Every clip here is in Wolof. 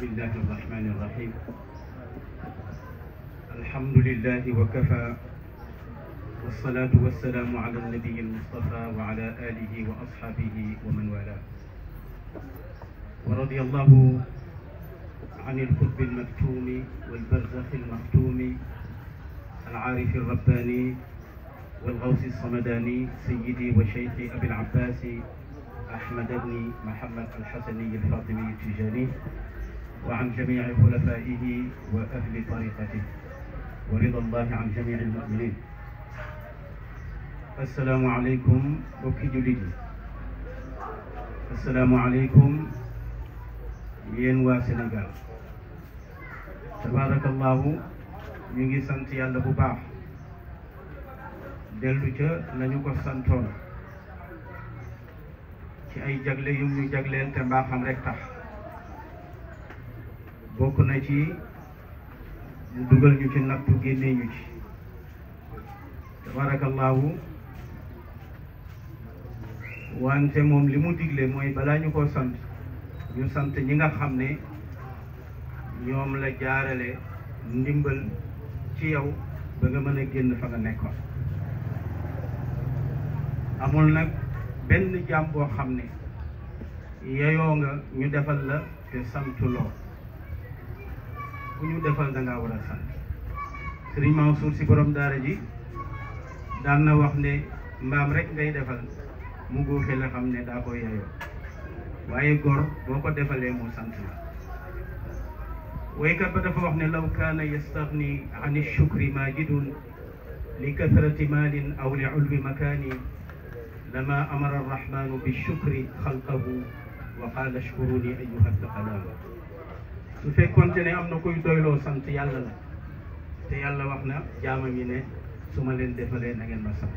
بسم الله الرحمن الرحيم الحمد لله وكفى والصلاة والسلام على النبي المصطفى وعلى آله وأصحابه ومن والاه ورضي الله عن القطب المكتوم والبرزخ المختوم العارف الرباني والغوث الصمداني سيدي وشيخي أبي العباس أحمد بن محمد الحسني الفاطمي التجاني وعن جميع خلفائه وأهل طريقته ورضا الله عن جميع المؤمنين السلام عليكم بكي جلدي السلام عليكم yéen waa Sénégal tabaarakallaahu ñu ngi sant yàlla bu baax dellu ca la ñu ko santoon ci ay jagle yu ñu jagleel te mbaaxam rek tax bokk na ci mu dugal ñu ci nattu génnee ñu ci tabaarakallaahu wante moom li mu digle mooy balaa ñu ko sant ñu sant ñi nga xam ne ñoom la jaarale ndimbal ci yow ba nga mën a génn fa nga nekkoon amul nag benn jaam boo xam ne yeyoo nga ñu defal la te santuloo ku ñu defal da ngaa war a sant Serigne Mansour si borom daara ji daan na wax ne mbaam rek ngay defal mu góofe la xam ne daa ko yaayoo waaye góor boo ko defalee mu sant la waykat ba dafa wax ne law kaana yastaghni an ash-shukri majidun li kathrati malin aw li ulwi makani lama amara arrahmanu bi shukri xalqahu wa qala ashkuruni ayyuha thaqalan su fekkonte ne am na koy doyloo sant yàlla la te yàlla wax na jaamam yi ne su ma leen defalee na ngeen ma sant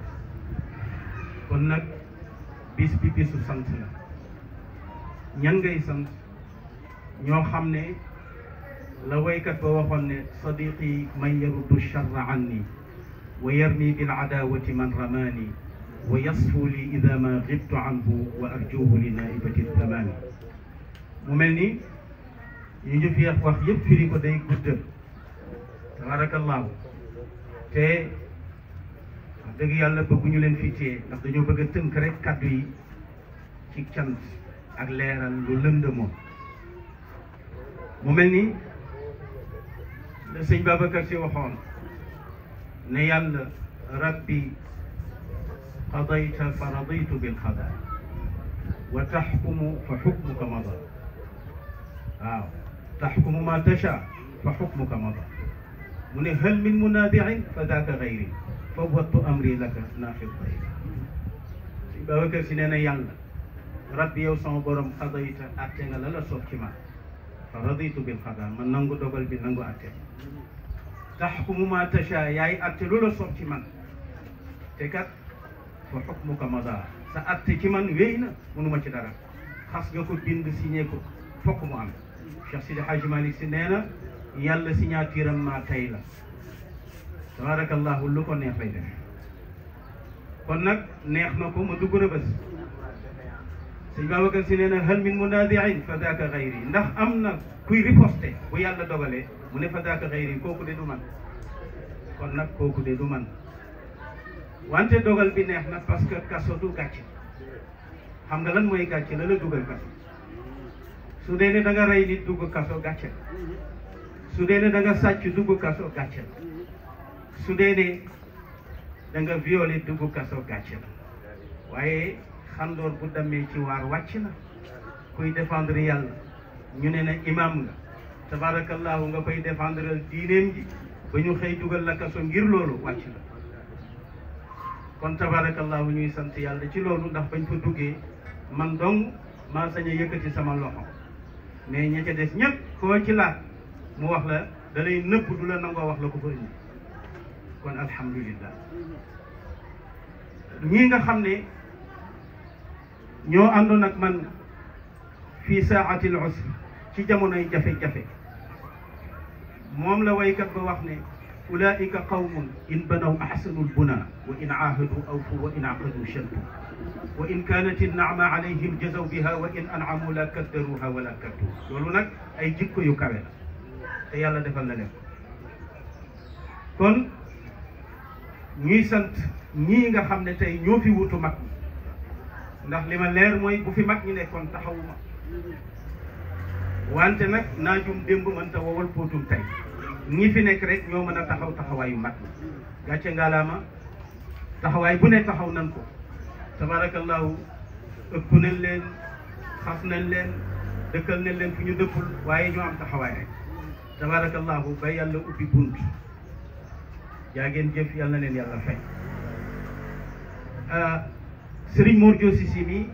kon nag bis bi bisu sant la ñan ngay sant ñoo xam ne la waykat ba waxoon ne sadiqi man yaruddu charra anni wa yarmi bil adawati man ramani wa yasfu li ida ma gibtu anhu wa arjuhu li naibati tamani mu mel ni ñu ñu fi wax yëpp firi ko day gudd tabaarakallaahu te wax dëgg yàlla leen fi téye ndax dañoo bëgg a tënk rek kàddu yi ci ak leeral lu lënd mu mel ni la sëñ Babacar si waxoon ne yàlla rabbi qadayta fa radaytu bil qada wa taxkumu fa xukmuka mada waaw taxkumu ma tacha fa xukmuka mada mu ne hal min munaadiin fa daaka gayri fa wattu amri laka naafil bay suñ Babacar si nee na yàlla rabbi yow sama borom xadayta atte nga la la soob ci ma fa raditu bil xada man nangu dogal bi nangu atte taxkumu ma tacha yaay atte lu la soob ci man te kat fa xukmuka mada sa atte ci man wéy na mënuma ci dara xas nga ko bind signé ko fokk mu am Cheikh Sidi Hadji si nee na yàlla signature am maa tey la tabaarakallahu ko neex lay def kon nag neex na ko ma dugg rëbës sëñ Babacar si nee na hal min munaadiin fa daaka xayri ndax am na kuy riposte bu yàlla dogalee mu ne fa daaka xayri kooku de du man kon nag kooku de du man wante dogal bi neex na parce que kaso du gàcce xam nga lan mooy gàcce la la kaso su dee ne da nga rey nit dugg kaso gàcce la su dee ne da sàcc dugg kaso gàcce la su dee ne da nga violé dugg kaso gàcce la waaye xandoor bu demee ci waar wàcc na kuy défendre yàlla ñu ne na imam nga tabarakallahu nga koy défendre diineem ji ba ñu xëy dugal la kaso ngir loolu wàcc la kon tabarakallahu ñuy sant yàlla ci loolu ndax bañ fa duggee man dong maa sañ a yëkkati sama loxo mais ña ca des ñëpp koo ci laaj mu wax la da lay nëpp du la nangoo wax la ko fa indi kon alhamdulillah ñii nga xam ne ñoo àndoon ak man fii saatil usri ci jamonoy jafe-jafe moom la waykat ba wax ne ulaika qawmun in banaw ahsanul buna wa in aahadu awfu wa in aqadu shantu wa in kaanat innaama alayhim jazaw biha wa in anaamu la kaddaruha wala kaddu loolu nag ay jikko yu te yàlla defal na leen kon ñuy sant ñii nga xam ne tey ñoo fi wutu mag ñi ndax li ma leer mooy bu fi mag ñi nekkoon taxawuma wante nag naajum démb mënta wowal póotum tey ñi fi nekk rek ñoo mën a taxaw taxawaayu mag ñi gàcce ma taxawaay bu ne taxaw nan ko tabaarakallaahu ëpp nañ leen xas nañ leen dëkkal nañ leen fi ñu dëppul waaye ñoo am taxawaay rek tabaarakallaahu ba yàlla ubbi bunt yaa jëf yàlla na leen yàlla fay ah, Serigne Mor Dio Cissé mi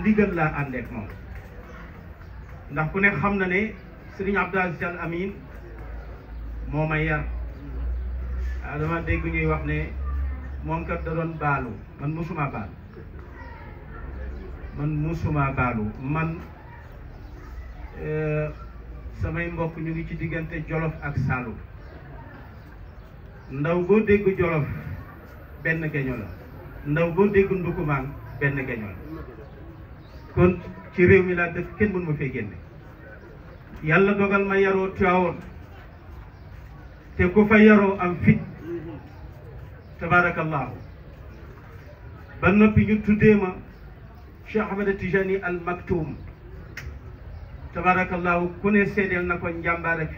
ndigal laa àndeek moom ndax ku ne xam na ne Serigne Abdou Aziz Amin moo may yar ah, dama dégg ñuy wax ne moom kat da baalu man musuma baalu man musuma baalu man euh, samay mbokk ñu ngi ci diggante Jolof ak Saalum ndaw boo dégg Jolof benn geño la ndaw boo dégg Ndukumaan benn geño la kon ci réew mi laa dëkk kenn mënu ma génne yàlla dogal ma yaroo Tiwaawoon te ku fa yaroo am fit tabaarakallaahu ba noppi ñu tuddee ma Cheikh Ahmed Tijani al Maktoum tabaarakallaahu ku ne seedeel na ko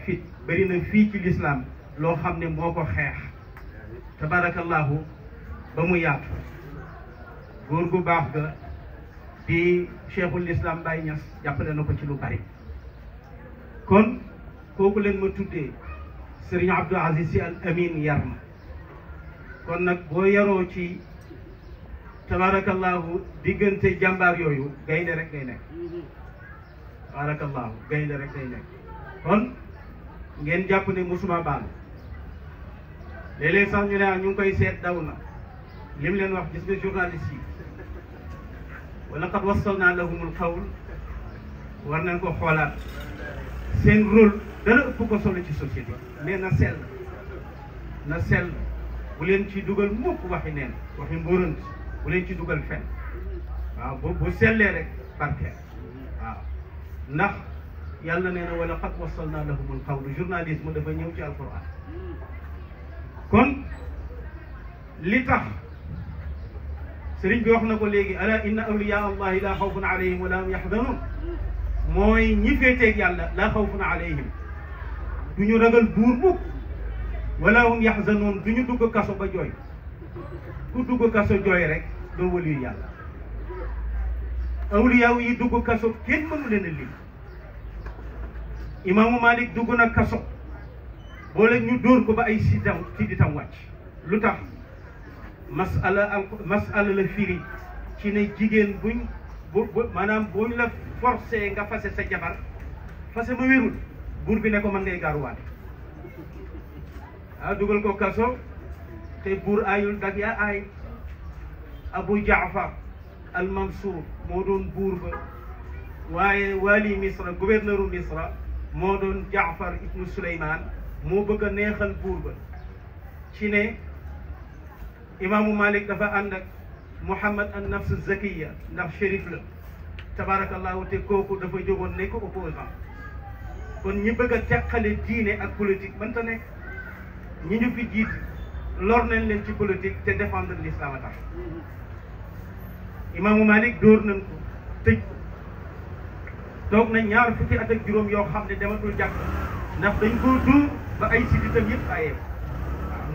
fit bëri na fii ci lislaam loo xam ne moo ko xeex tabaarakallaahu ba mu yaatu góor gu baax ga di cheikhul islam Baye Niass jàppale na ko ci lu bari kon kooku leen ma tuddee Serigne Abdou Aziz Al Amin yar kon nag boo yaroo ci tabaarakallaahu diggante jàmbaar yooyu gaynde rek ngay nekk tabaarakallaahu gaynde rek ngay nekk kon ngeen jàpp ne musuma baal léeg-léeg sax ñu ne ah, ñu koy seet daw na lim leen wax gis nga journaliste yi wa laqad wassalnaa lahumul qawl war nañ ko xoolaat seen rôle dara ëpp ko solo ci société mais na sell na sell bu leen ci dugal mukk waxi neen waxi mbóorant bu leen ci dugal fen waaw bu bu sellee rek barkeel waaw ndax yàlla nee na wala qad wasalna lahumul qawlu journalisme dafa ñëw ci alquran kon li tax sëriñ bi wax na ko léegi ala inna awliya allahi laa xawfun alayhim wala hum yaxdanun mooy ñi féeteeg yàlla laa xawfun alayhim du ñu ragal buur mukk wala hum yaxzanoon du ñu dugg kaso ba jooy ku dugg kaso jooy rek doo waliyu yàlla awliyaaw yi dugg kaso kenn mënu leen imaamu Malik dugg na kaso boole ñu dóor ko ba ay sitam si ditam wàcc lu tax masala al masala la firi ci ne jigéen bu bu maanaam buñ la forcé nga fase sa jabar fase ba wérul buur bi ne ko mën ngay gaaruwaale waaw dugal ko kaso te buur aayul dag yaa aay abu jaafar al mansour moo doon buur ba waaye wali misra gouverneuru misra moo doon jaafar ibnu suleyman moo bëgg a neexal buur ba ci ne imaamu malik dafa ànd ak mouhamad an nafs zakiya ndax shérif la tabarakallahu te kooku dafa jógoon nekk opposant kon ñi bëgg a teqale diine ak politique mënta nekk ñi ñu fi jiit lor nañ leen ci politique te défendre l'islam a tax imaamu Malik dóor nañ ko tëj toog na ñaar fukki at ak juróom yoo xam ne dematul jàkk ndax dañ koo dóor ba ay siditam yëpp ayee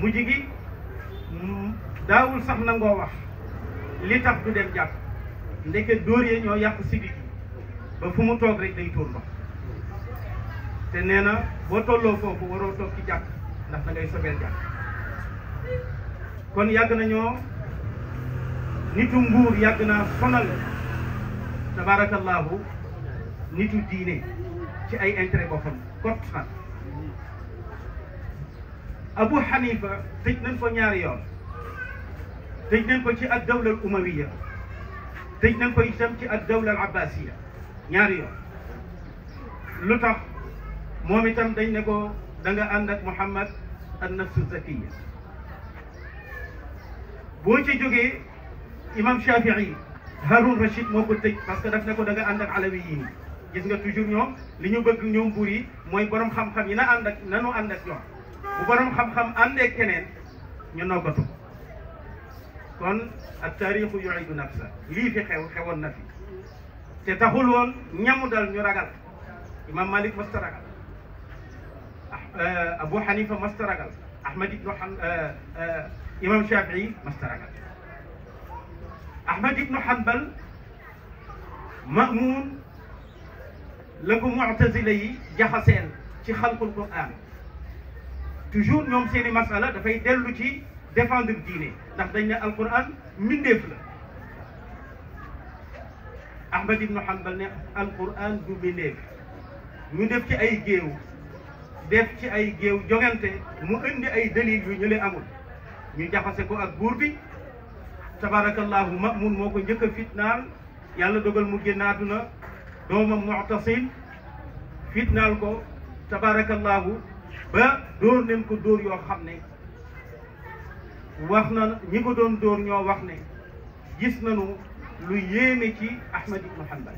mujj gi daawul sax nangoo wax li tax du dem jàkk ndeke dóor yee ñoo yàq sidit ba fu mu toog rek day tuur ndox te nee na boo tolloo foofu waroo toog ci jàkk ndax da ngay sobeel jàpp kon yàgg nañoo nitu nguur yàgg naa sonal tabaarakallaahu nitu diine ci ay intérêt boppam kot fan Abu Hanifa tëj nañ ko ñaari yoon tëj nañ ko ci ak dawlal umawiya tëj nañ ko itam ci ak dawlal abbasiya ñaari yoon lu tax moom itam dañ ne ko da nga ànd ak Muhammad an nafsu zakiya boo ci jógee imam Shafii Haroun Rachid moo ko tëj parce que daf ne ko da nga ànd ak alawi yi gis nga toujours ñoom li ñu bëgg ñoom buur yi mooy borom xam-xam yi na ànd ak nanu ànd ak ñoom bu borom xam-xam àndee keneen ñu noggatu kon ak taarixu yuidu nafsa lii fi xew xewoon na fi te taxul woon ñamu dal ñu ragal imam Malik masta ragal Abu Hanifa mas ta ragal Ahmad ibnu Han Imam Shafii mas ta ragal Ahmad ibnu Hanbal Mamun la ko mu'tazila yi jaxaseen ci xalqul Qur'an toujours ñoom seen i masala dafay dellu ci défendre diine ndax dañ ne alquran mbindeef la Ahmad ibnu Hanbal ne alquran du mbindeef mbindeef ci ay géew def ci ay géew jongante mu indi ay dalil yu ñu leen amul ñu jaxase ko ak buur bi tabarakallahu mamun moo ko njëkka a fitnaal yàlla dogal mu génn àdduna doomam mu'tasim fitnaal ko tabarakallahu ba dóor nañ ko dóor yoo xam ne wax na ñi ko doon dóor ñoo wax ne gis nañu lu yéeme ci Ahmad ibn Hanbal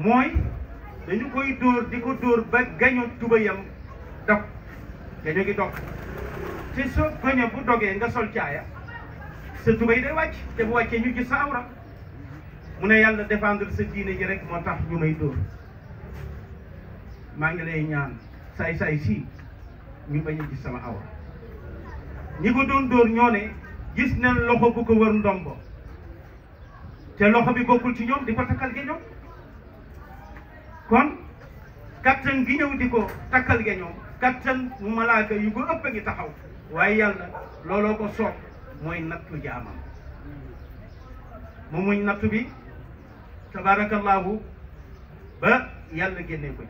mooy dañu koy dóor di ko dóor ba gaño tubayam dog gaño gi dog te soo gaño bu dogee nga sol caaya sa tubay day wàcc te bu wàccee ñu gis sa awra mu ne yàlla défendre sa diine ji rek moo tax ñu may dóor maa ngi lay ñaan saay saay sii ñu bañ a gis sama awra ñi ko doon dóor ñoo ne gis nañ loxo bu ko wër ndombo te loxo bi bokkul ci ñoom di ko takkal gi ñoom kon kattan gi ñëw di ko takkal geñoo kattan mu malaaka yu ko ëpp a ngi taxaw waaye yàlla looloo ko soob mooy nattu jaamam mu muñ nattu bi tabaarakallaahu ba yàlla génnee ko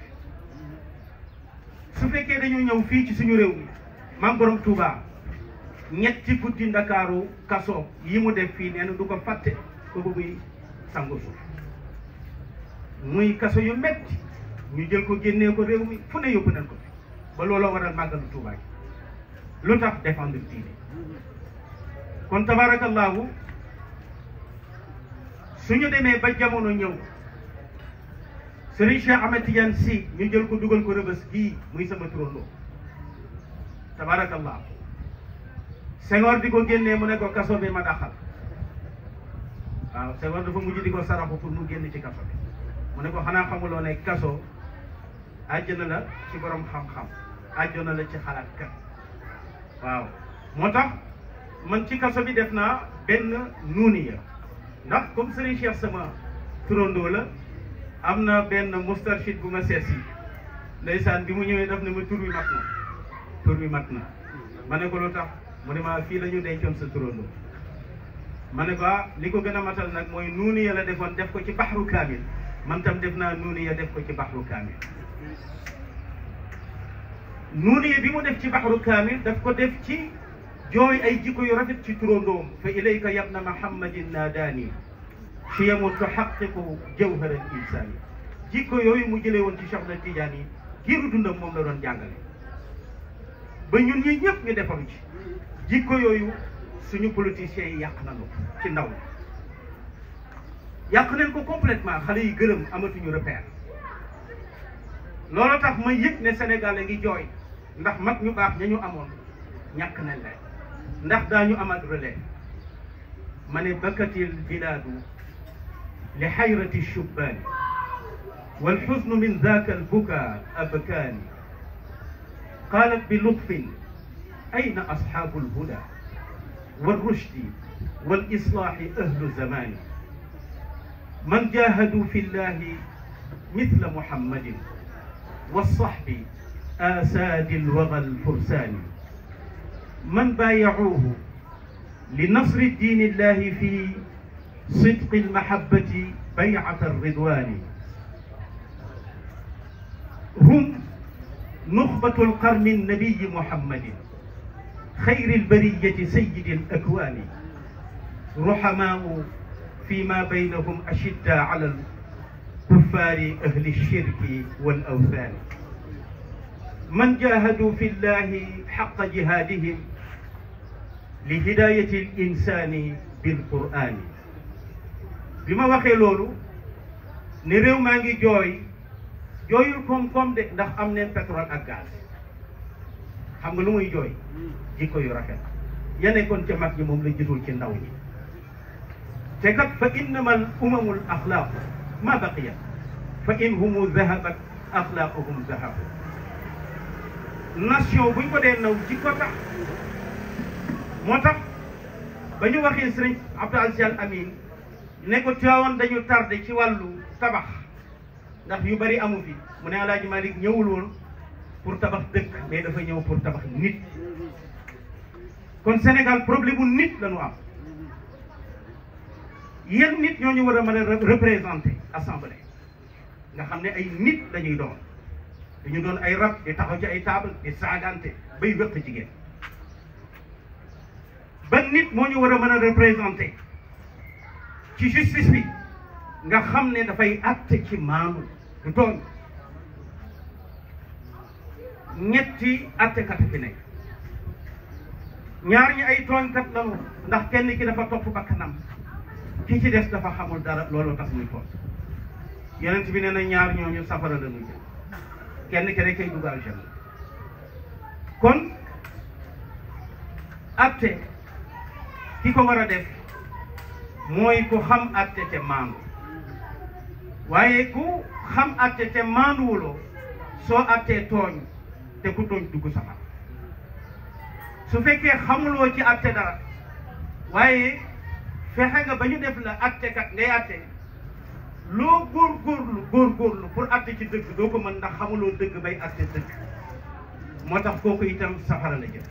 su fekkee dañu ñëw fii ci suñu réew mi maam borom Touba ñetti guddi ndakaaru kaso yi mu def fii nee na du ko fàtte ko bu muy sangu suuf muy kaso yu metti ñu jël ko génnee ko réew mi fu ne yóbbu nañ ko fi ba looloo waral màggalu Tuubaa gi lu tax défendre diine kon tabaarakallaahu suñu demee ba jamono ñëw Serigne Cheikh Ahmed Tidiane Sy ñu jël ko dugal ko rëbës gii muy sama turandoo tabaarakallaahu Senghor di ko génnee mu ne ko kaso bi ma daxal waaw Senghor dafa mujj di ko saraxu pour mu génn ci kaso bi mu ne ko xanaa xamuloo ne kaso àjjana la ci boroom xam-xam na la ci xalaatkat waaw moo tax man ci kaso bi def naa benn nuuniya ndax comme Serigne Cheikh sama turandoo la am na benn mustarshid bu ma seet si ndeysaan bi mu ñëwee daf ne ma tur bi mat na tur bi mat na ma ne ko lu tax mu ne ma fii la ñu dencoon sa turandoo ma ne ko ah, li ko gën a matal nag mooy nuuniya la defoon def ko ci baxru kaamil man tam def naa nuuni def ko ci baxru kaamil nuuni bi mu def ci baxru kaamil daf ko def ci jooy ay jikko yu rafet ci turandoom fa ilayka yabna muhammadin naadaani xiyamu tuxaqiqu jawhara al insaani jikko yooyu mu jëlee woon ci Cheikh na tiijaan yi giiru dundam moom la doon jàngale ba ñun ñi ñëpp ñu defaru ci jikko yooyu suñu politiciens yi yàq nañu ci ndaw yàq nañ ko complètement xale yi gërëm amatuñu repère loolu tax may yëg ne Sénégal a ngi jooy ndax mag ñu baax ña ñu amoon ñàkk nañ leen ndax daañu amaat relais ma ne bakatil bilaadu li xayrati shubbaani wal xusnu min daaka al bukaa abkaani qaalat bi lutfin ayna ashaabu alhuda wal rushdi wal islaaxi ahlu zamaani man jahadu fi llahi mithla muhammadin wa sahbi asadi lwada alfursani man baayacuuhu linasri diini illahi fi sidqi almahabbati baycata alridwani hum nuxbatu alqarni alnabiyi muhammadin xayri albariyati sayidi alakwani ruhamaau fi ma baynahum ashidda ala al kuffaari ahli shirki wal awthaani man jahadu fi llahi xaqa jihaadihim li hidayati l insani bil qur'ani bi ma waxee loolu ne réew maa ngi jooy jooyul koom-koom de ndax am neen pétrole ak gaz xam nga lu muy jooy mm. jikko yu rafet ya nekkoon ca mag ñi moom la jitul ci ndaw ñi te kat fa innama al umamul axlaaqu ma baqiyat fa in humu zahabat axlaaquhum zahabu nation buñ ko dee naw jikko tax moo tax ba ñu waxee sëriñ Abdou Aziz Al Amin ne ko Tiwaawan dañu tardé ci wàllu tabax ndax yu bari amu fi mu ne Alaaji Malik ñëwul woon pour tabax dëkk mais dafa ñëw pour tabax nit kon Sénégal problème bu nit la ñu am yéen nit ñoo ñu war a mën a représenté assemblée nga xam ne ay nit lañuy doon dañu doon ay rab di taxaw ci ay table di saagante bay wéq jigéen ba nit moo ñu war a mën a représenté ci justice bi nga xam ne dafay àtte ci maanu du doon ñetti àttekat fi nekk ñaar ñi ay tooñkat la ndax kenn ki dafa topp bakkanam ki ci des dafa xamul dara loolu tax muy toog yonent bi nee na ñaar ñooñu safara la muy jëm kenn ki rek kay dugg aljanna kon atte ki ko war a def mooy ku xam atte te maandu waaye ku xam atte te maanduwuloo soo attee tooñ te ku tooñ dugg safara su fekkee xamuloo ci atte dara waaye fexe nga ba ñu def la attekat ngay atte loo góorgóorlu góorgóorlu pour atte ci dëgg doo ko mën ndax xamuloo dëgg bay atte dëgg moo tax kooku itam safara la jëm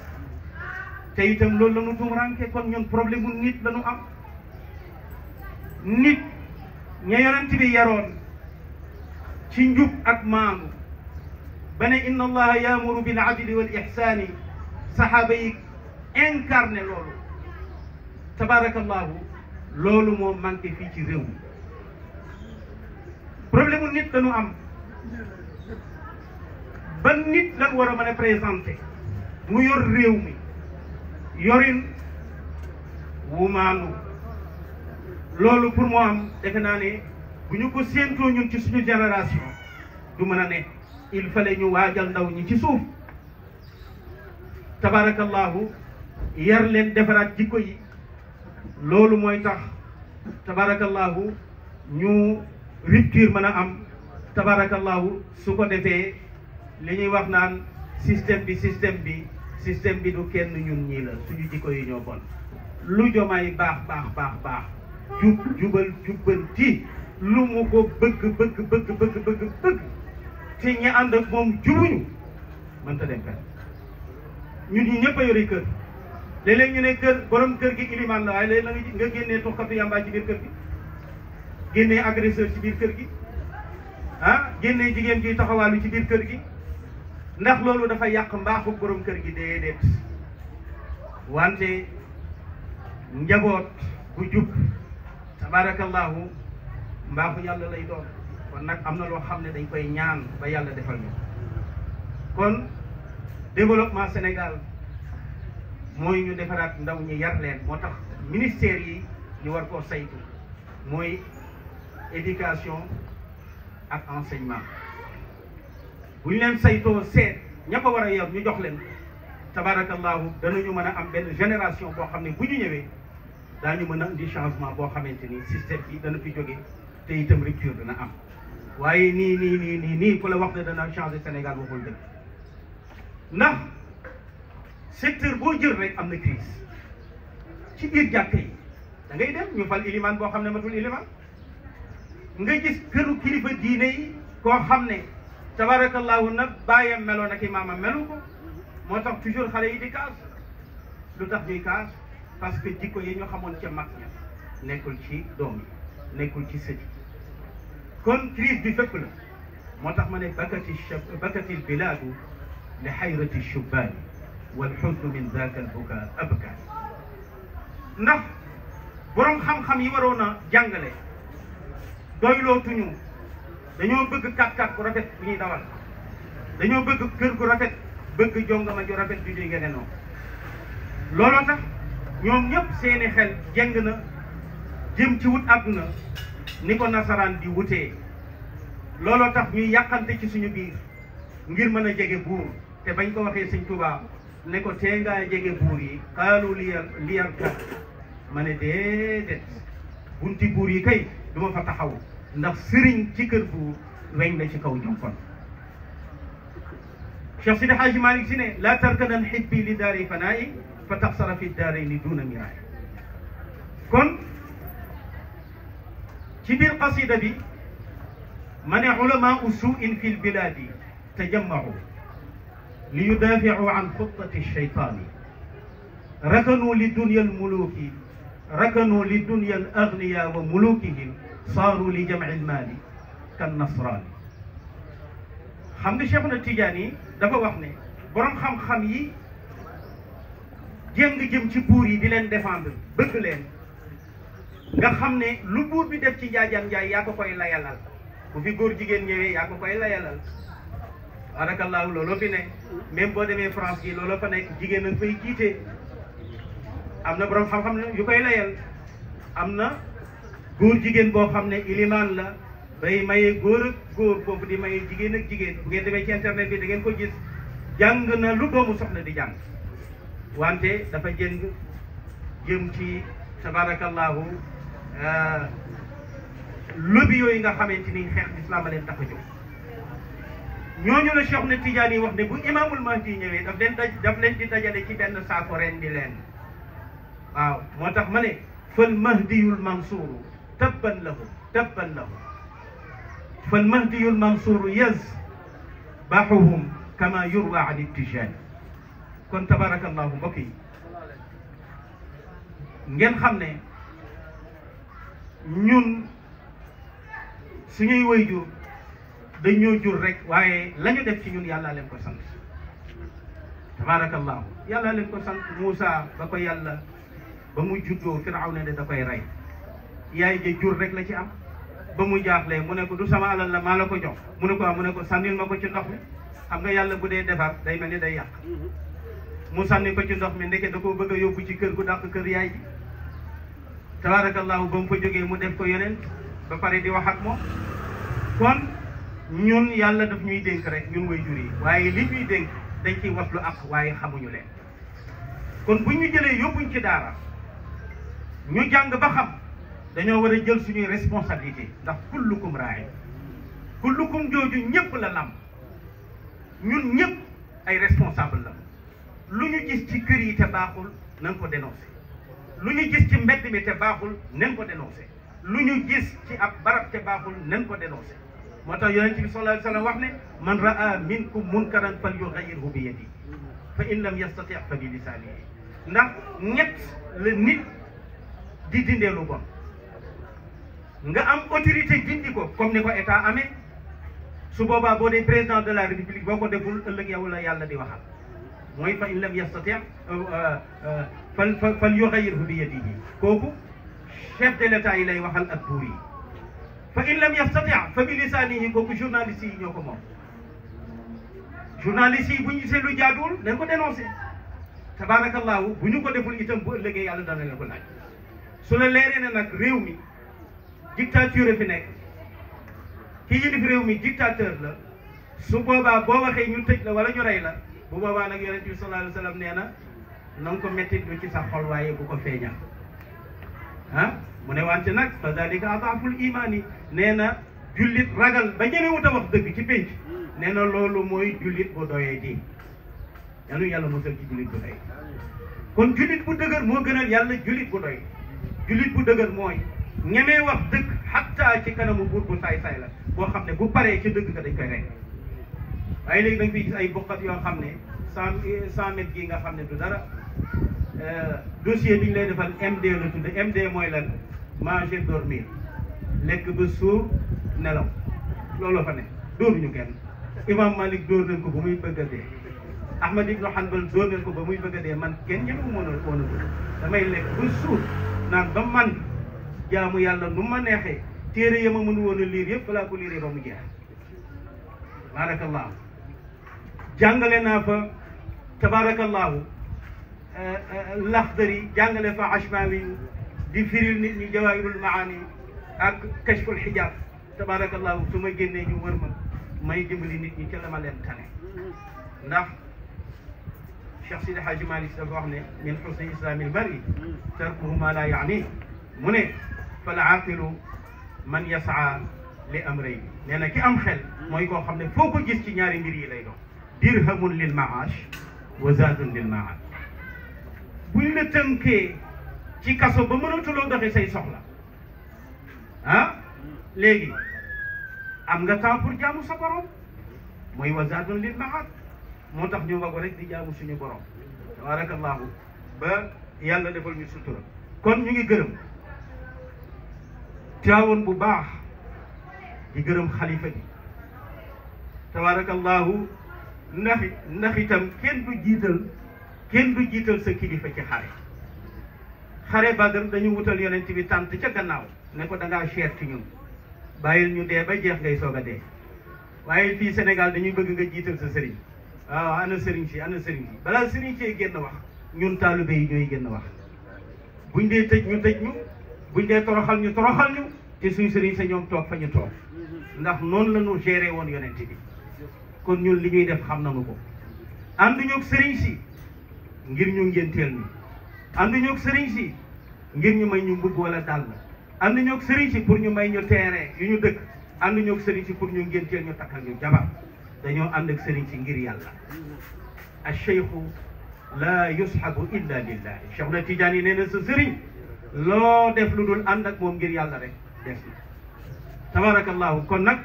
te itam loolu la ñu tumranke kon ñun problème mu nit la ñu am nit ña yonent bi yaroon ci njub ak maanu ba ne inna allaha yaamuru bil adli wal ihsaani saxaaba yi incarné loolu tabaarakallahu loolu moom manqué fii ci réew mi problème mu nit dañu am ban nit lan war a mën a présenté mu yor réew mi yorin wu maanu loolu pour moo am defe naa ne bu ñu ko séentoo ñun ci suñu génération du mën a ne il fallait ñu waajal ndaw ñi ci suuf tabarakallahu yar leen defaraat jikko yi loolu mooy tax tabarakallahu ñu rupture mën a am tabarakallahu su ko defee li ñuy wax naan système bi système bi système bi du kenn ñun ñii la suñu jikko yi ñoo bon lu jomaay baax baax baax baax jub jubal jubbanti lu mu ko bëgg bëgg bëgg bëgg bëgg bëgg te ñi ànd ak moom jubuñu mënta dem kat ñun ñi ñëpp a yore kër léeg ñu ne kër borom kër gi ilimaan la waaye léeg-léeg génne génnee tuxkatu yàmbaa ci biir kër gi génnee agresseur ci biir kër gi ah génnee jigéen juy taxawaalu ci biir kër gi ndax loolu dafa yàq mbaaxu borom kër gi déedéet wante njaboot bu jub tabaarakallaahu mbaaxu yàlla lay doon kon nag am na loo xam ne dañ koy ñaan ba yàlla defal ñu kon développement Sénégal mooy ñu defaraat ndaw ñi yar leen moo tax ministère yi ñu war koo saytu mooy éducation ak enseignement bu ñu leen saytoo seet ña ko war a yor ñu jox leen tabaarakallaahu danañu mën a am benn génération boo xam ne bu ñu ñëwee daa ñu mën a indi changement boo xamante ni système bi dana fi jóge te itam rupture dana am waaye nii nii nii nii nii wax ne dana changer Sénégal waxul dëgg ndax secteur boo jël am na crise ci biir jàkk yi da ngay ñu fal ilimaan boo xam ne matul ilimaan nga gis këru kilifa diine yi koo xam ne tabarakallahu nag bàyyam meloon ak imaamam melu ko moo tax toujours xale yi di kaas lu tax ñuy kaas parce que jikko yi ñu xamoon ca mag ña nekkul ci doom yi nekkul ci sëti kon crise bi fépp la moo tax ma ne bakati bakati biladu li xayrati shubaani wal xusnu min zaaka al bukaa abkaa ndax boroom xam-xam yi waroon a jàngale doylootuñu dañoo bëgg kat-kat ku rafet bu ñuy dawal dañoo bëgg kër gu rafet bëgg jongama ju rafet ju jóge nenoo looloo tax ñoom ñëpp seeni xel jëng na jëm ci wut àdduna ni ko nasaraan di wutee looloo tax ñuy yàqante ci suñu biir ngir mën a jege buur te bañ ko waxee sëñ Tuubaa ne ko tee ngaa jege buur yi xaalu liyar liyar kat ma ne déedéet bunti buur yi kay du ma fa taxaw ndax sëriñ ci kër buur weñ la ci kaw jonkon Cheikh Sidi Haaji Malick si ne laa tarkadan xibbi li daari fanaayi fa taxsara fi daari ni duuna miraay kon ci biir qasida bi ma ne ulama u suin fi lbilaadi tajammaru ليدافعوا عن خطة الشيطان ركنوا لدنيا الملوك ركنوا لدنيا الأغنياء وملوكهم صاروا لجمع المال كالنصران xam nga Cheikh na Tidiane yi dafa wax ne boroom xam-xam yi jéng jëm ci buur yi di leen défendre bëgg leen nga xam ne lu buur bi def ci njaajaan njaay yaa ko koy layalal bu fi góor jigéen ñëwee yaa ko koy layalal barakallaahu looloo fi ne même boo demee France gi looloo fa ne jigéen a fay jiite am na borom xam-xam yu koy layal am na góor jigéen boo xam ne ilimaan la bay maye góor ak góor foofu di maye jigéen ak jigéen bu ngeen demee ci internet bi da ko gis jàng na lu doomu soxna di jàng wante dafa jëng jëm ci tabarakallahu euh, lobby yooyu nga xamante ni xeex lislaam a leen tax a ñooñu la Cheikh na Tidiane yi wax ne bu imaamul mahdi ñëwee daf leen daj daf leen di dajale ci benn saako ren di leen waaw moo tax ma ne fal mahdiyul mansuuru tabban lahu tabban lahu fal mahdiyul mansuuru yazbahuhum kama yurwa an Tijaani kon tabarakallahu mbokk yi ngeen xam ne ñun suñuy wayjur dañ ñoo jur rek waaye la def ci ñun yàllaa leen ko sant tabaarakallaahu yàllaa leen ko sant Moussa ba ko yàlla ba mu juddoo Firaw ne da koy rey yaay ja jur rek la ci am ba mu jaaxlee mu ne ko du sama alal la maa la ko jox mu ne ko ah mu ne ko sànnil ma ko ci ndox mi xam nga yàlla bu dee defar day mel ni day yàq mu sànni ko ci ndox mi ndeke da koo bëgg a yóbbu ci kër gu dàq kër yaay ji tabaarakallaahu ba mu ko jógee mu def ko yeneen ba pare di wax ak moom ñun yàlla daf ñuy dénk rek ñun way jur yi waaye li ñuy dénk dañ ciy wax lu ak waaye xamuñu leen kon bu ñu jëlee yóbbuñ ci daara ñu jàng ba xam dañoo war a jël suñuy responsabilité ndax kullukum raay kullukum jooju ñëpp la lam ñun ñëpp ay responsable la lu ñu gis ci kër yi te baaxul nañ ko dénoncé lu ñu gis ci mbedd mi te baaxul nañ ko dénoncé lu ñu gis ci ab barab te baaxul nañ ko dénoncé moo tax yonent bi sallallahu alayhi wa sallam wax ne man raa minkum munkaran fal yughayyirhu bi yadihi fa in lam yastati fa bi lisaanihi ndax ñett la nit di dindee lu bon nga am autorité dindi ko comme ni ko état amee su boobaa boo dee président de la république boo ko deful ëllëg yow la yàlla di waxal mooy fa in lam yastati euh, euh, fal fal yughayyirhu bi yadihi kooku chef de l' état yi lay waxal ak buur yi fa in lam yastati fa bi lisaanihi kooku journaliste yi ñoo ko moom journaliste yi bu ñu gisee lu jaaduwul nañ ko dénoncé tabaarakallaahu bu ñu ko deful itam bu ëllëgee yàlla dana la ko laaj su la leeree ne nag réew mi dictature fi nekk ki yilif réew mi dictateur la su boobaa boo waxee ñu tëj la wala ñu rey la bu boobaa nag yonent bi sallallaahu nee na na nga ci sa xol waaye bu ko feeñal ah mu ne wante nag fa dalika adaful imaani nee na jullit ragal ba ñemewut a wax dëgg ci pénc nee na loolu mooy jullit bu doyee di yàlla yàlla mosal ci jullit bu doy kon julit bu dëggër moo gënal yàlla jullit bu doy jullit bu dëgër mooy ñemee wax dëgg xatta ci kanamu buur bu saay saay la boo xam ne bu paree ci dëgg ka dañ koy rey waaye léegi dañ koy gis ay bokkat yoo xam ne cent cent mètres yi nga xam ne du dara Euh, dossier bi ñu lay defal MD la tudd MD mooy lan manger dormir lekk ba suur nelaw looloo fa ne dóoruñu kenn Imam Malik dóor nañ ko ba muy bëgg a dee Ahmad ibn Hanbal dóor nañ ko ba muy bëgg dee man kenn ñëpp mën a woon a damay lekk ba suur naan ba man jaamu yàlla nu ma neexee téere ya ma mën woon liir yëpp balaa ko liiree ba mu jeex barakallahu jàngale naa fa tabarakallahu laxdari jàngale fa ashmawi di firil nit ñi jawaahirul maani ak kashful xijaab tabarakallahu su ma génnee ñu wër ma may dimbali nit ñi ca la ma leen tane ndax Cheikh Sidi Hadji Malick dafa wax ne min xusni islaamil mari tarkuhu ma la yaani mu ne fal aaqilu man yasaa li amray nee na ki am xel mooy koo xam ne foo ko gis ci ñaari mbir yi lay doon dirhamun lil maash wa zaadun lil maash buñ la tënkee ci kaso ba mënatuloo doxe say soxla ah léegi am nga temps pour jaamu sa borom mooy wazaadun lil moo tax ñu wago rek di jaamu suñu borom tabarakallahu ba yàlla defal ñu sutura kon ñu ngi gërëm taawoon bu baax di gërëm xalifa bi tabarakallahu ndax ndax itam kenn du jiital kenn du jiital sa kilifa ci xare xare Badr dañu wutal yonent bi tànt ca gannaaw ne ko dangaa cher ci ñun bàyyil ñu dee ba jeex ngay soog a dee waaye fii Sénégal dañuy bëgg nga jiital sa sëriñ waaw ana sëriñ si ana sëriñ si balaa sëriñ si génn wax ñun taalibe yi ñooy génn wax buñ dee tëj ñu tëj ñu buñ dee toroxal ñu toroxal ñu te suñ sëriñ sa ñoom toog fa ñu toog ndax noonu la ñu géré woon yonent bi kon ñun li ñuy def xam nañu ko ànduñu ak sëriñ si ngir ñu ngénteel ni am nañu ak sëriñ si ngir ñu may ñu mbubb wala dàll am nañu ak sëriñ pour ñu may ñu teere yu ñu dëkk am nañu ak sëriñ si pour ñu ngénteel ñu takkal ñu jabar dañoo ànd ak sëriñ si ngir yàlla acheikhu la yushabu illa lillahi Cheikh na Tidiane yi nee na sa sëriñ loo def lu dul ànd ak moom ngir yàlla rek def na tabarakallahu kon nag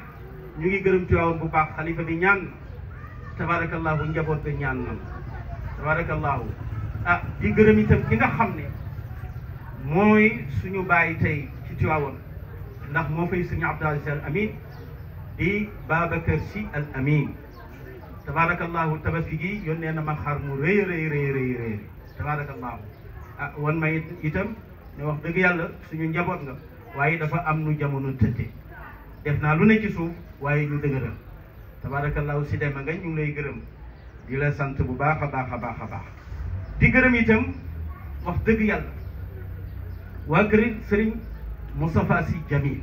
ñu ngi gërëm Tiwaawan bu baax xalifa bi ñaan tabarakallahu njaboot bi ñaan nan tabarakallahu ah di gërëm itam ki nga xam ne mooy suñu bàyyi tey ci Tiwaawoon ndax moo fay sëñ Abdou Aziz Al Amin di Babacar Sy Al Amin ki tabaski gi yónnee na ma xar mu rëy rëy rëy rëy tabarakallahu ah, wan may itam ne wax dëgg yàlla suñu njaboot nga waaye dafa am nu jamono tëddee def naa lu ne ci suuf waaye ñu dëgëral tabarakallahu si dem nga ñu ngi lay gërëm di la sant bu baax a baax a baax a baax di gërëm wax dëgg yàlla waa kër sëriñ Moustapha Jamil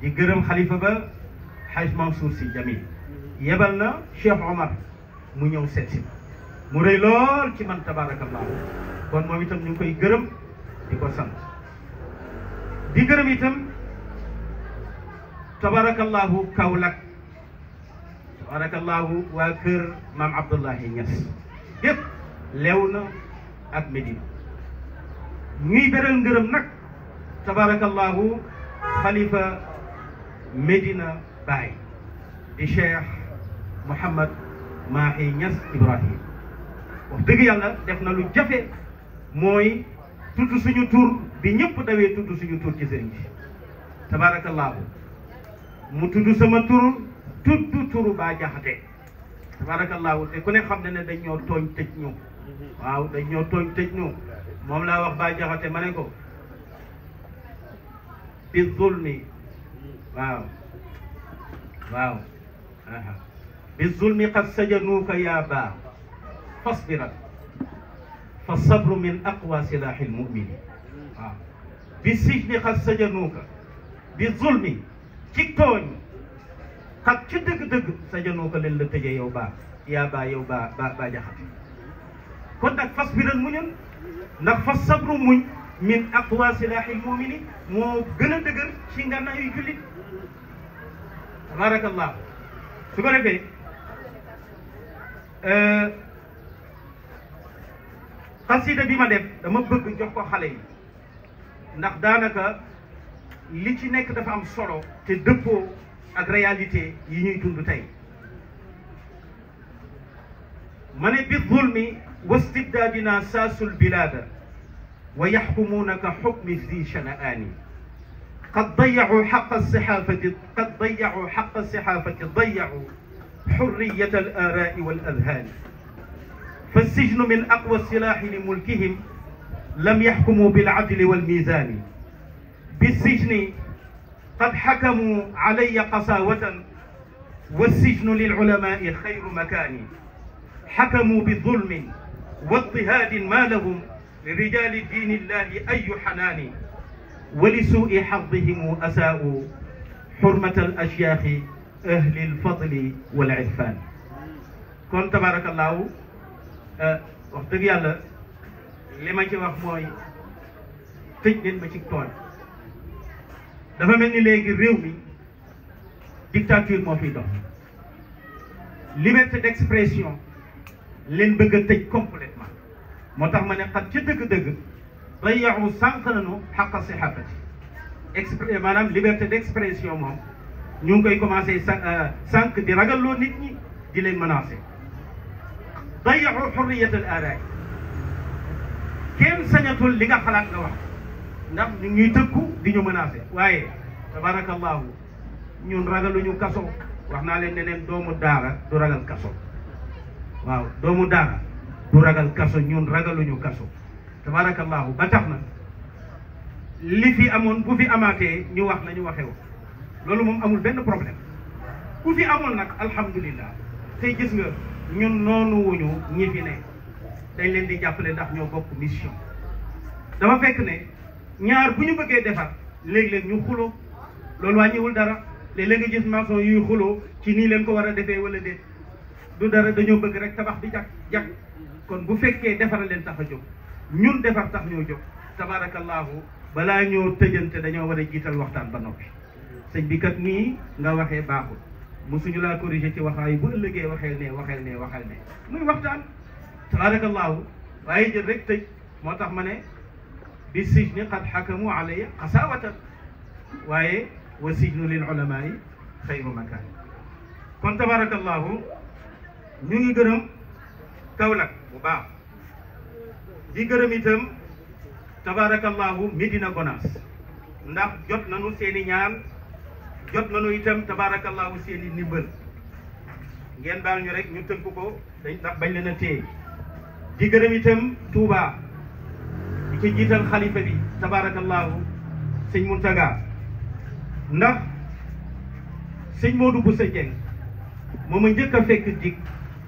di gërëm xalifa ba Haj Mansour Sy Jamil yebal na Cheikh Omar mu ñëw seet si mu rëy lool ci man tabaarakallah kon moom itam ñu ngi koy gërëm di ko sant di gërëm itam tabaarakallahu Kaolack tabarakallahu waa kër maam Abdullahi Niass yëpp lew na ak Medina ñuy beral ngërëm nag tabarakallahu xalifa Medina Baye di Cheikh Mouhamad Mahi Niass Ibrahim wax dëgg yàlla def na lu jafe mooy tudd suñu tur bi ñëpp dawee tudd suñu tur ci sëriñ bi tabarakallahu mu tudd sama tur tudd turu Bah Diakhaté tabarakallahu te ku ne xam ne ne dañ ñoo tooñ tëj ñu waaw dañ ñoo tooñ tëj ñu moom laa wax Bah Diakhaté ma ne ko bi zulmi waaw waaw bi zulmi qad sajanuuka yaa baa fasbirat fa sabru min aqwa silaahi lmuminin waaw bi sijni qad sajanuuka bi zulmi ci tooñ xat ci dëgg-dëgg sa janoo ko leen la tëjee yow baa yaa baa yow baa baa baa jaxat kon nag fas bi ren muñal ndax fas sabru muñ min aqwa silaaxil muminin moo gën a dëgër ci ngànnaayu jullit tabarakallah su ko defee euh, xasida bi ma def dama bëgg jox ko xale yi ndax daanaka li ci nekk dafa am solo te dëppoo ak réalité yi ñuy dund tey ma ne bi zulmi wa stibdaadina saasul bilaada wa yaxkumuuna ka xukmi zi shanaani qad dayacu xaqa sixaafati qad dayacu xaqa sixaafati dayacu xurriyata al aaraai wal adhaani fa sijnu min aqwa silaaxi li mulkihim lam yaxkumu bil cadli wal miizaani bi sijni qad xakamu alayya qasawatan والسجن للعلماء خير مكان حكموا بظلم واضطهاد ما لهم لرجال دين الله أي حنان ولسوء حظهم أساءوا حرمة الأشياخ أهل الفضل والعرفان kon tabaarakallaahu wax dëgg yàlla li ma ci wax mooy tëj leen ba ci tool dafa mel ni léegi réew mi dictature moo fiy dox liberté d'expression leen bëgg a tëj complètement moo tax ma ne xat ca dëgg-dëgg day yàqu sànq nañu xaqa si xaqati expr eh, maanaam liberté d'expression moom ñu ngi koy commencé euh, sànq di ragalloo nit ñi di leen menacé day yàqu xurriyat al aaraay kenn sañatul li nga xalaat nga wax ndax ñu ñuy tëkku di ñu menacé waaye tabarakallahu ñun ñu kaso wax naa leen ne leen doomu daara du ragal kaso waaw doomu daara du ragal kaso ñun ragaluñu kaso tabarakallahu ba tax na li fi amoon bu fi amaatee ñu wax nañu waxee woon loolu moom amul benn problème ku fi amoon nag alhamdulillah sey gis nga ñun noonu wuñu ñi fi ne dañ leen di jàppale ndax ñoo bokk mission dafa fekk ne ñaar bu ñu bëggee defar léeg-léeg ñu xuloo loolu wàññiwul dara léeg-léeg nga gis maçon yuy xuloo ci nii leen ko war a defee wala déet du dara dañoo bëgg rek tabax bi jag jag kon bu fekkee defara leen tax a jóg ñun defar tax ñoo jóg tabaarakallaahu balaa ñoo tëjante dañoo war a jiital waxtaan ba noppi sëñ bi kat nii nga waxee baaxul mosuñu laa corrigé ci waxaayu bu ëllëgee waxeel ne waxeel ne waxeel ne muy waxtaan tabaarakallaahu waaye jël rek tëj moo ma ne bi sijni qad xakamu alayya xasaawatan waaye wa sijnu lil ulamaa'i xayru makaan kon tabarakallahu ñu ngi gërëm Kaolack bu baax di gërëm itam tabarakallahu Medina Gonaas ndax jot nañu seeni ñaan jot nañu itam tabarakallahu seeni ndimbal ngeen baal ñu rek ñu tënk ko dañ tax bañ leen a téye di gërëm itam Touba ci jiital xalifa bi tabaarakallaahu sëñ Muntaga ndax sëñ Modou Bousso Dieng moom a njëkk a fekk jig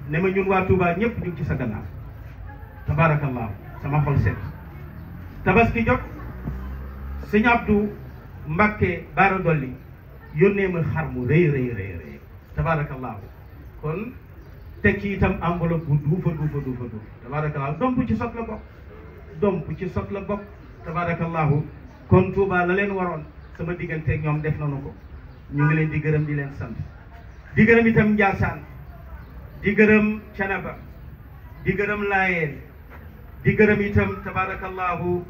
ne ma ñun waa Touba ñëpp ñu ci sa gannaaw tabaarakallaahu sama xol set tabaski jot sëñ Abdou Mbacke Baara Dolli yónnee ma xar mu rëy rëy rëy rëy tabaarakallaahu kon teg ci itam enveloppe bu duufa duufa duufa duufa tabaarakallaahu donc ci sot la bokk domp ci sot la bokk tabarakallahu kon Touba la leen waroon sama digganteeg ñoom def nañu ko ñu ngi leen di gërëm di leen sant di gërëm itam Njaasaan di gërëm Canaba di gërëm Laayeen di gërëm itam tabarakallahu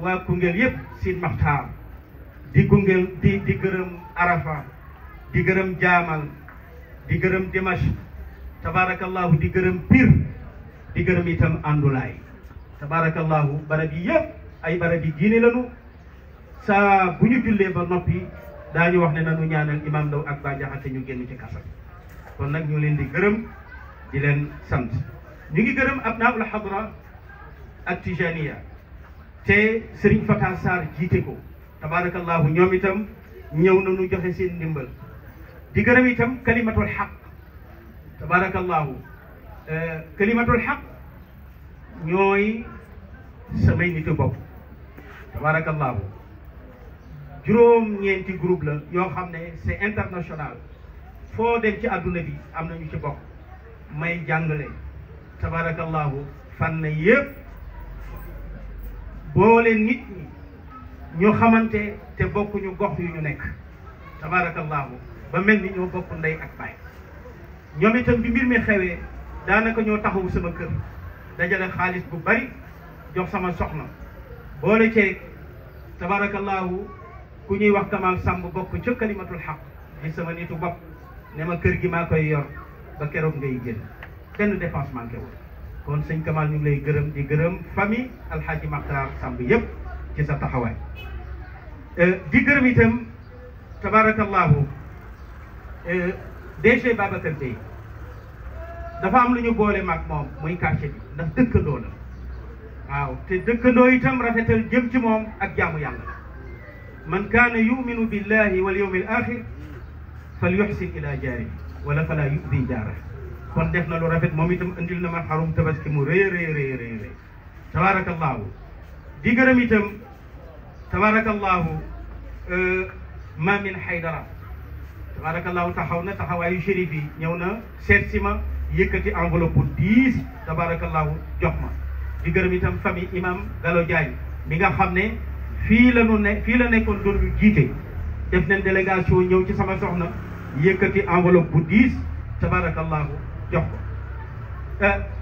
waa Koungheul yëpp Sine Maxtaar di Koungheul di di gërëm Arafa di gërëm Jaamal di gërëm Dimash tabarakallahu di gërëm Pire di gërëm itam Andoulaye tabaarakallaahu barab yi yëpp ay barab yi diine lañu saa bu ñu jullee ba noppi daañu wax ne nanu ñaanal imaam Ndaw ak Bah ñu génn ci kasa kon nag ñu leen di gërëm di leen sant ñu ngi gërëm abnaul xadra ak tijaniya te Serigne Fata Sarr jiite ko tabaarakallaahu ñoom itam ñëw na joxe seen ndimbal di gërëm itam kalimatul xaq tabaarakallaahu eh, kalimatul xaq ñooy samay nitu bopp tabaarakallaahu juróom-ñeenti group la yoo xam ne c'est international foo dem ci àdduna bi am nañu ci bokk may jàngale tabaarakallaahu fan na yëpp boole nit ñi ñu xamante te bokkuñu gox yu ñu nekk tabaarakallaahu ba mel ni ñoo bokk ndey ak baay ñoom itam bi mbir mi xewee daanaka ñoo taxawu sama kër dajale xaalis bu bari jox sama soxna boole ceeg tabaarakallaahu ku ñuy wax Kamal Samb bokk ca kalimatul xaq di sama nitu bopp ne ma kër gi maa koy yor ba keroog ngay génn kenn dépense manqué kon sëñ Kamal ñu ngi lay gërëm di gërëm famille Alxaaji Maxtaar Samb yëpp ci sa taxawaay euh, di gërëm itam tabaarakallaahu euh, DG Babacar Bey dafa am lu ñu boole maag moom muy quartier bi ndax dëkkandoo la waaw te dëkkandoo itam rafetal jëm ci moom ak jaamu yàlla man kaana yuminu billahi wal yawmil axir fal yuxsin ila jaari wala fala yudi jaara kon def na lu rafet moom itam andil na ma xarum tabaski mu rëy rëy rëy rëy rëy tabarakallahu di gërëm itam tabarakallahu euh, Maamin Haydara tabarakallahu taxaw na taxawaayu shérif yi ñëw na seet si ma yëkkati enveloppe bu diis tabarakallahu jox ma di gërëm itam famille imam Gallo Diagne mi nga xam ne fii la ñu ne fii la nekkoon doon ñu jiite def nañ délégation ñëw ci sama soxna yëkkati enveloppe bu diis tabarakallahu jox ko euh,